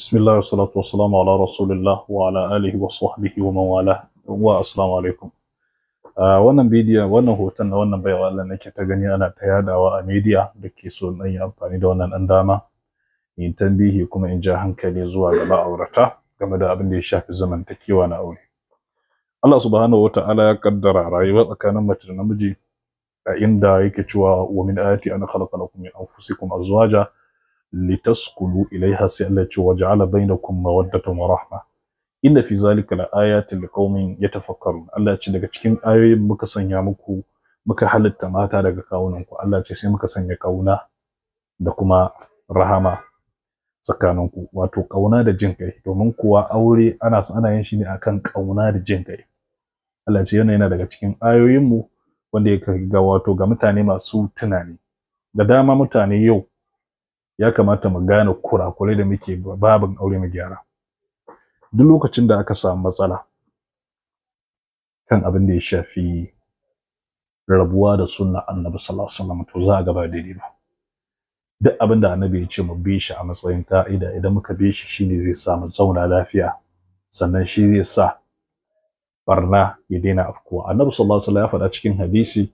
Bismillah wa salatu wa salamu ala Rasulillah wa ala alihi wa sahbihi wa mawala alaikum. wannan bidiyon wannan hoton na wannan baiwa Allah nake ta gani ana ta yadawa a media da ke so na yi amfani da wannan ɗan dama in tambihi kuma in ja hankali zuwa ga ma'aurata game da abin da ya shafi zamantakewa na aure. Allah subhanahu wata'ala ya kaddara rayuwa tsakanin mace da namiji a inda yake cewa wa min ayati an khalaqa lakum min anfusikum azwaja litaskunu ilaiha sai Allah ce wa ja'ala bainakum mawaddatan wa rahma inna fi zalika laayatin liqaumin yatafakkarun Allah ce daga cikin ayoyin muka sanya muku muka halitta mata daga kawunan Allah ce sai muka sanya kauna da kuma rahama tsakanin ku wato kauna da jin kai domin kuwa aure ana ana yin shi ne akan ƙauna da jin kai Allah ce yana daga cikin ayoyin mu wanda ya ga wato ga mutane masu tunani da dama mutane yau ya kamata mu gane kurakurai da muke babin aure mu gyara duk lokacin da aka samu matsala kan abin da ya shafi rabuwa da sunna annabi sallallahu alaihi wasallam to za a gaba daidai ba duk abin da annabi ya ce mu bi shi a matsayin ka'ida idan muka bi shi shine zai samu mu zauna lafiya sannan shi zai sa barna ya daina afkuwa annabi sallallahu alaihi wasallam ya faɗa cikin hadisi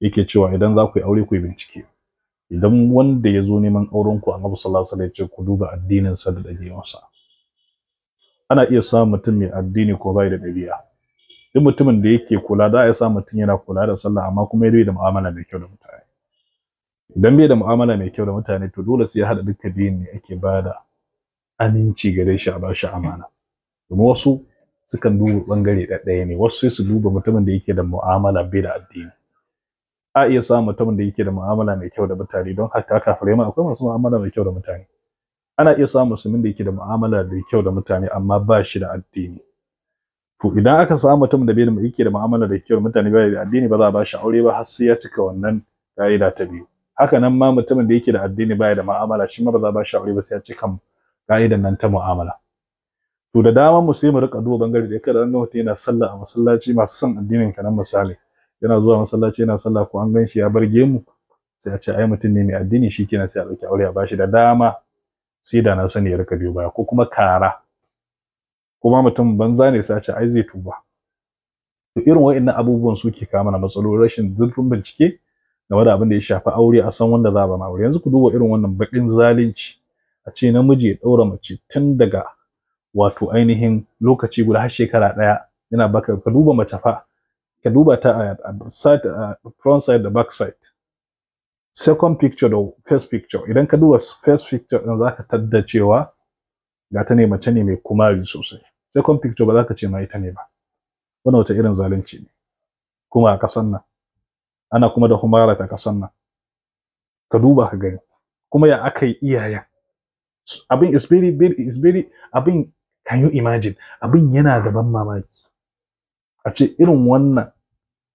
yake cewa idan za ku yi aure ku yi bincike idan wanda ya zo neman auren ku annabi sallallahu alaihi wasallam ya ce ku duba addinin sa da ɗabi'unsa ana iya sa mutum mai addini ko bai da dabi'a duk mutumin da yake kula da ya sa mutum yana kula da sallah amma kuma ya bai da mu'amala mai kyau da mutane idan bai da mu'amala mai kyau da mutane to dole sai ya haɗa duka biyun ne ake da aminci gare shi a ba shi amana domin wasu sukan duba bangare ɗaya ne wasu sai su duba mutumin da yake da mu'amala bai da addini a iya samun mutumin da yake da mu'amala mai kyau da mutane don hatta kafirai ma akwai masu mu'amala mai kyau da mutane ana iya samun musulmin da yake da mu'amala da kyau da mutane amma ba shi da addini to idan aka samu mutum da bai yake da mu'amala da kyau da mutane ba da addini ba za a ba shi aure ba har sai ya cika wannan ka'ida ta biyu haka nan ma mutumin da yake da addini ba da mu'amala shi ma ba za a ba shi aure ba sai ya cika ka'idan nan ta mu'amala to da dama mu sai mu rika duba bangare da kada nan mutum yana sallah a masallaci masu son addinin ka nan misali yana zuwa masallaci yana sallah ko an gan shi ya bar gemu sai a ce ai mutum ne mai addini shi kenan sai a ɗauki aure a bashi da dama sai da na sani ya rika biyo baya ko kuma kara kuma mutum banza ne sai a ce ai zai tuba to irin wa'annan abubuwan suke kawo mana matsaloli rashin zurfin bincike game da abin da ya shafi aure a san wanda za a ma. aure yanzu ku duba irin wannan baƙin zalunci a ce namiji ya ɗaura mace tun daga wato ainihin lokaci guda har shekara ɗaya yana baka ka duba mace fa ka duba ta a side a front side da back side second picture da first picture idan ka duba first picture din zaka tadda cewa ga ta ne mace ne mai kumari sosai second picture ba za ka ce ma ita ne ba wannan wata irin zalunci ne kuma a kasan nan ana kuma da humara ta kasan nan ka duba ka gani kuma ya aka yi iyayen abin is very, very is very abin can you imagine abin yana da ban mamaki a ce irin wannan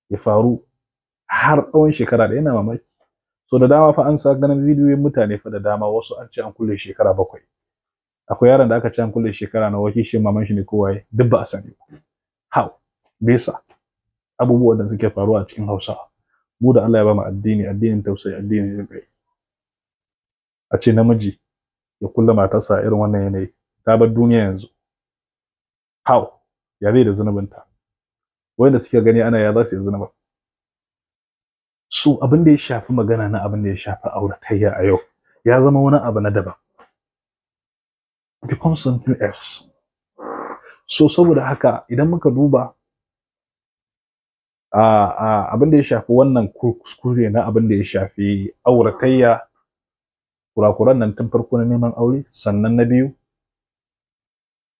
ya faru har tsawon shekara da yana mamaki so da dama fa an sa ganin bidiyoyin mutane fa da dama wasu an ce an kulle shekara bakwai akwai yaron da aka ce an kulle shekara na waki shi maman shi ne kowa duk ba a sani ba how bisa abubuwan da suke faruwa a cikin hausawa mu da Allah ya ba mu addini addinin tausayi addinin jinkai a ce namiji ya kulle matarsa irin wannan yanayi ta bar duniya yanzu how ya zai da zunubinta wanda suke gani ana ya za su yi zina ba. su abin da ya shafi magana na abin da ya shafi auratayya a yau ya zama wani abu na daban become something else so saboda haka idan muka duba abin da ya shafi wannan kuskure na abin da ya shafi auratayya kurakuran nan tun farko na neman aure sannan na biyu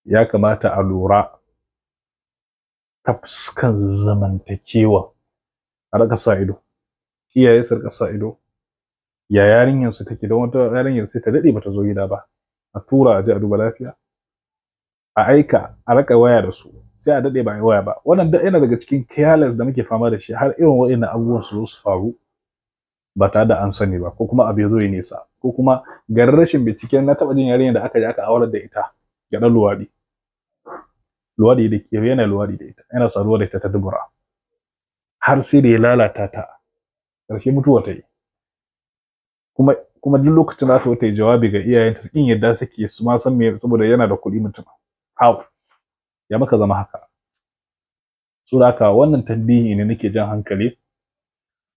ya kamata a lura ta fuskan zamantakewa a raka sa ido iyaye su rika sa ido ya yarinyar su take don wata yarinyar sai ta dade bata zo gida ba a tura a je a duba lafiya a aika a raka waya da su sai a dade ba a waya ba wannan duk yana daga cikin careless da muke fama da shi har irin wa'annan abubuwan su zo su faru ba tare da an sani ba ko kuma abu ya zo ya nisa ko kuma gari rashin binciken na taba jin yarinyar da aka je aka aurar da ita ga dan luwaɗi luwaɗi da ke yana luwaɗi da ita yana ruwa da ita ta dubura har sai da ya lalata ta ƙarshe mutuwa ta yi kuma kuma duk lokacin za ta wata jawabi ga iyayenta ta kin yadda suke su ma san me saboda yana da kuɗi mutum how ya maka zama haka suraka wannan tambihi ne nake jan hankali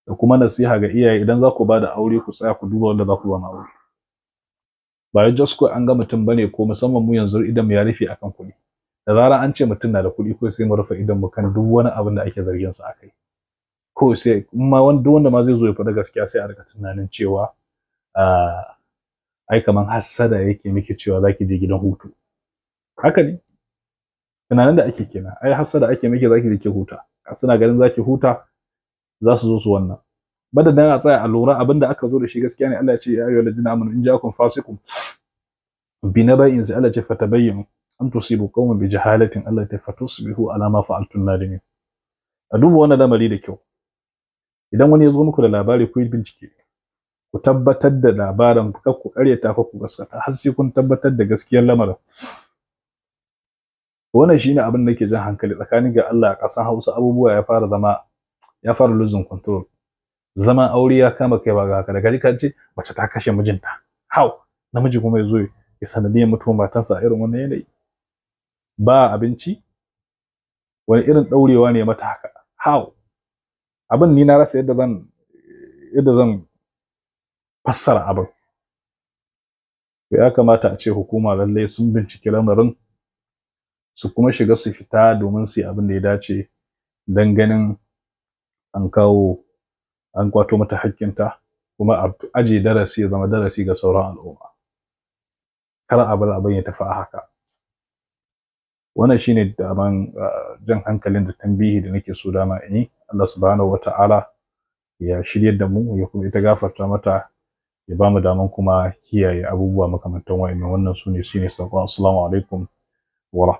da kuma nasiha ga iyaye idan za ku ba da aure ku tsaya ku duba wanda za ku ba aure ba ya just an ga mutum bane ko musamman mu yanzu idan mu ya rufe akan kuɗi da zarar an ce mutum na da kuɗi ko sai mu rufe idan mu kan duk wani abin da ake zargin sa akai ko sai in ma wanda wanda ma zai zo ya faɗa gaskiya sai a rika tunanin cewa ah, ai kaman hassada yake miki cewa zaki je gidan hutu haka ne tunanin da ake kenan ai hassada ake miki zaki je ki huta suna ganin zaki huta za su zo su wannan bada dan a tsaya a lura abinda aka zo da shi gaskiya ne Allah ya ce ya ayyuhal ladina amanu in ja'akum fasiqun bi naba'in sai Allah ya ce fatabayyanu an tusibu qauman bi jahalatin Allah ta fatusbihu ala ma fa'altum nadimin a duba wannan lamari da kyau idan wani ya zo muku da labari ku yi bincike ku tabbatar da labarin kar ku karyata ko ku gaskata har sai kun tabbatar da gaskiyar lamarin wannan shine abin da ke jan hankali tsakanin ga Allah a ƙasan Hausa abubuwa ya fara zama ya fara losing control zaman aure ya kama kai ba ga haka daga ka ce mace ta kashe mijinta Hau! namiji kuma ya zo ya sanadiyar mutuwar matarsa a irin wannan yanayi ba abinci wani irin daurewa ne mata haka how abin ni na rasa yadda zan yadda zan fassara abin ya kamata a ce hukuma lallai sun binciki lamarin su kuma shiga su fita domin su yi abin da ya dace don ganin an kawo an kwato mata hakkinta kuma a aje darasi ya zama darasi ga sauran al'umma kar a bar abin ya tafi a haka wannan shine da daman ah, jan hankalin da tambihi da nake so dama in yi Allah subhanahu wata'ala ya shiryar da mu ya kuma ita gafarta mata ya ba mu daman kuma kiyaye abubuwa makamantan wa'annan wannan sune sune sako assalamu alaikum wa